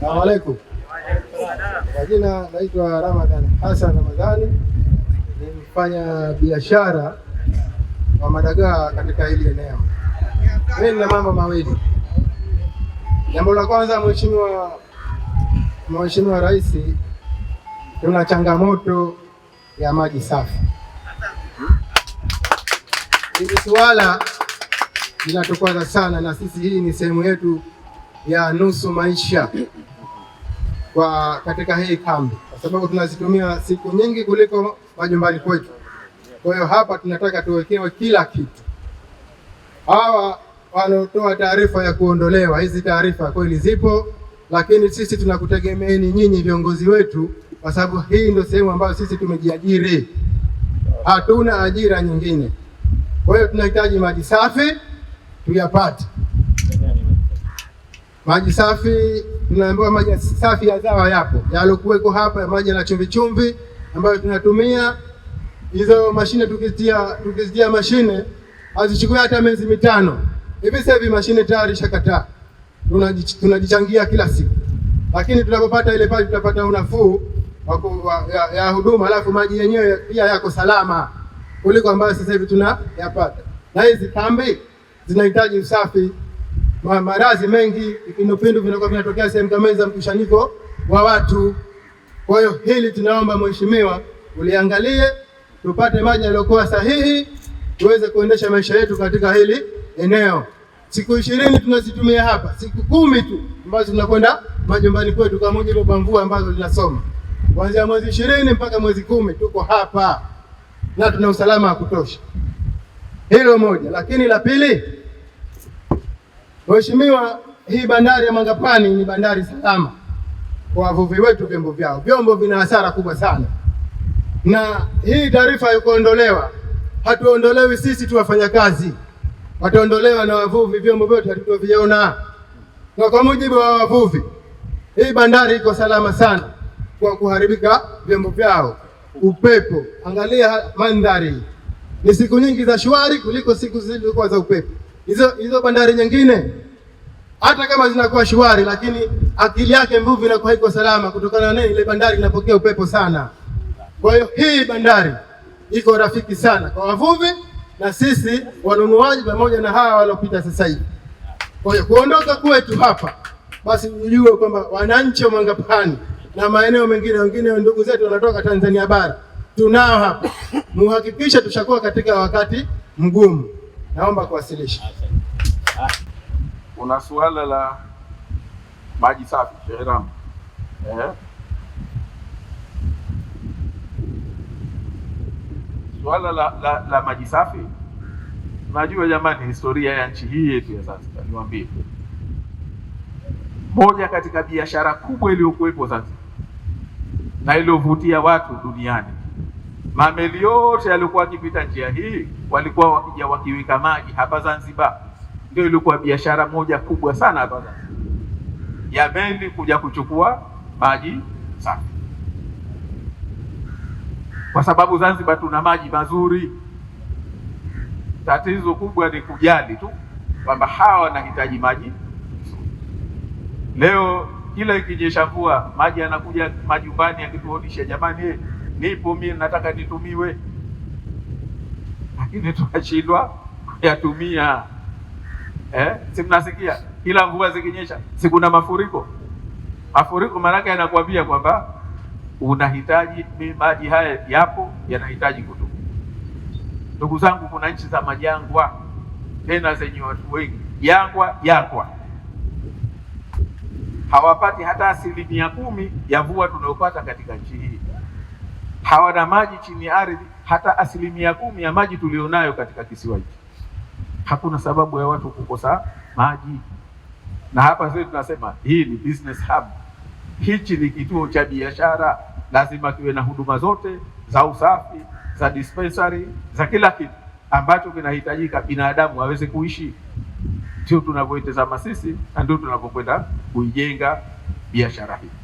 Salamu alaikum. Kwa jina naitwa ramadan Hassan Ramadhani, ni mfanya biashara wa madagaa katika hili eneo. Mimi nina mambo mawili. Jambo la kwanza, mheshimiwa Mheshimiwa Rais, tuna changamoto ya maji safi. Hili suala linatukwaza sana na sisi, hii ni sehemu yetu ya nusu maisha kwa katika hii kambi, kwa sababu tunazitumia siku nyingi kuliko majumbani kwetu. Kwa hiyo hapa tunataka tuwekewe kila kitu. Hawa wanaotoa taarifa ya kuondolewa, hizi taarifa kweli zipo, lakini sisi tunakutegemeeni nyinyi viongozi wetu, kwa sababu hii ndio sehemu ambayo sisi tumejiajiri, hatuna ajira nyingine. Kwa hiyo tunahitaji maji safi tuyapate. Maji safi tunaambiwa maji safi ya dawa yapo yalokuweko hapa ya maji na chumvi chumvi ambayo tunatumia hizo mashine, tukizitia tukizitia mashine hazichukui hata miezi mitano hivi. Sasa hivi mashine tayari shakataa, tunajichangia kila siku, lakini tunapopata ile pale tutapata unafuu ya, ya huduma, alafu maji yenyewe pia yako salama kuliko ambayo sasa hivi tunayapata, na hizi kambi zinahitaji usafi maradhi mengi, vipindupindu vinakuwa vinatokea sehemu kama za mkusanyiko wa watu. Kwa hiyo hili tunaomba mheshimiwa, uliangalie tupate maji yaliyokuwa sahihi, tuweze kuendesha maisha yetu katika hili eneo. Siku ishirini tunazitumia hapa, siku kumi tu ambazo tunakwenda majumbani kwetu kwa mujibu wa mvua ambazo zinasoma kuanzia mwezi ishirini mpaka mwezi kumi tuko hapa na tuna usalama wa kutosha. Hilo moja, lakini la pili Mheshimiwa, hii bandari ya Mangapani ni bandari salama kwa wavuvi wetu, vyombo vyao, vyombo vina hasara kubwa sana, na hii taarifa ya kuondolewa, hatuondolewi sisi tu wafanyakazi, wataondolewa na wavuvi, vyombo vyote hatutoviona. Na kwa mujibu wa wavuvi, hii bandari iko salama sana kwa kuharibika vyombo vyao, upepo. Angalia mandhari, ni siku nyingi za shwari kuliko siku zilizokuwa za upepo hizo hizo bandari nyingine hata kama zinakuwa shwari, lakini akili yake mvuvi inakuwa haiko salama, kutokana na ile bandari inapokea upepo sana. Kwa hiyo hii bandari iko rafiki sana kwa wavuvi na sisi wanunuaji, pamoja na hawa waliopita sasa hivi. Kwa hiyo kuondoka kwetu hapa, basi ujue kwamba wananchi wa Mwangapani na maeneo mengine, wengine ndugu zetu wanatoka Tanzania bara tunao hapa, muhakikisha tushakuwa katika wakati mgumu. Naomba kuwasilisha. Kuna suala la maji safi Sheheramu. Eh? Suala la, la, la maji safi, najua jamani, historia ya nchi hii yetu ya Zanzibar, niwaambie moja katika biashara kubwa iliyokuwepo Zanzibar na iliyovutia watu duniani mameli yote yaliokuwa wakipita njia hii walikuwa wakija wakiweka maji hapa Zanzibar. Ndio ilikuwa biashara moja kubwa sana hapa Zanzibar ya meli kuja kuchukua maji safi, kwa sababu Zanzibar tuna maji mazuri. Tatizo kubwa ni kujali tu kwamba hawa wanahitaji maji. Leo kila ikinyesha mvua maji yanakuja majumbani, yakituonisha jamani nipo mimi, nataka nitumiwe, lakini tunashindwa kuyatumia. Eh, si mnasikia kila mvua zikinyesha, si kuna mafuriko? Mafuriko maanake yanakuambia kwamba unahitaji maji haya, yapo yanahitaji kutumia. Ndugu zangu, kuna nchi za majangwa tena zenye watu wengi, jangwa jangwa, hawapati hata asilimia kumi ya mvua tunayopata katika nchi hii hawana maji chini ya ardhi, hata asilimia kumi ya maji tulionayo katika kisiwa hiki. Hakuna sababu ya watu kukosa maji, na hapa sisi tunasema hii ni business hub. Hichi ni kituo cha biashara, lazima kiwe na huduma zote za usafi, za dispensary, za kila kitu ambacho kinahitajika binadamu aweze kuishi. Ndio tunavyoitazama sisi na ndio tunavyokwenda kuijenga biashara hii.